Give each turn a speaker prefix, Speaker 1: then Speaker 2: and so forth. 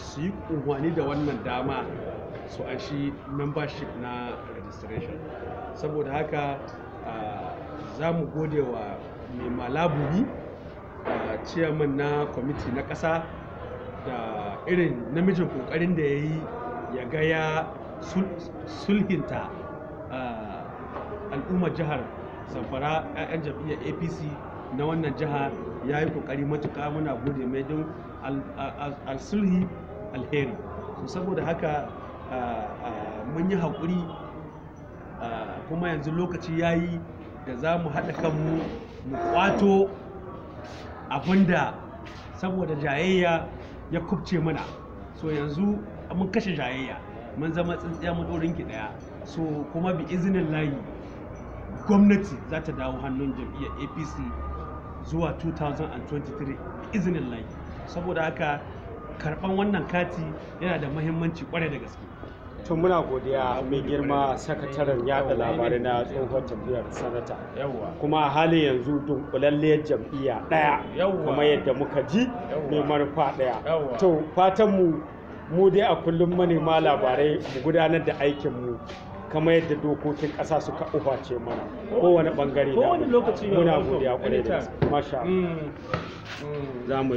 Speaker 1: su yi umarni da wannan dama su an shi membership na registration saboda haka za mu gode wa mai malaburi ciyaman na kwamiti na ƙasa da irin namijin ƙoƙarin da ya yi ya gaya ya sulhinta al'ummar jihar zamfara 'ya'yan jam'iyyar apc na wannan jiha ya yi kokari matuka muna gode mai don alsulhi alheri saboda haka mun yi haƙuri kuma yanzu lokaci ya yi da za mu haɗa kanmu mu kwato abinda saboda jayayya ya kubce mana so yanzu mun kashe jayayya mun zama tsintsiya maɗorin ki ɗaya so kuma bi izinin layi gwamnati za ta dawo hannun jam'iyyar apc zuwa 2023 izinin lai saboda haka karban wannan kati yana da mahimmanci kware da gaske
Speaker 2: tun muna godiya mai girma sakataren yada labarai na tsohon tafiyar sanata kuma a halin yanzu dunkulalliyar jam'iyya daya kuma yadda muka ji mai manufa daya to fatanmu mu dai a kullum manema labarai mu gudanar da aikinmu kamar yadda dokokin ƙasa suka uface mana kowane ɓangare da muna godiya kwarai da masha mm, mm. za mu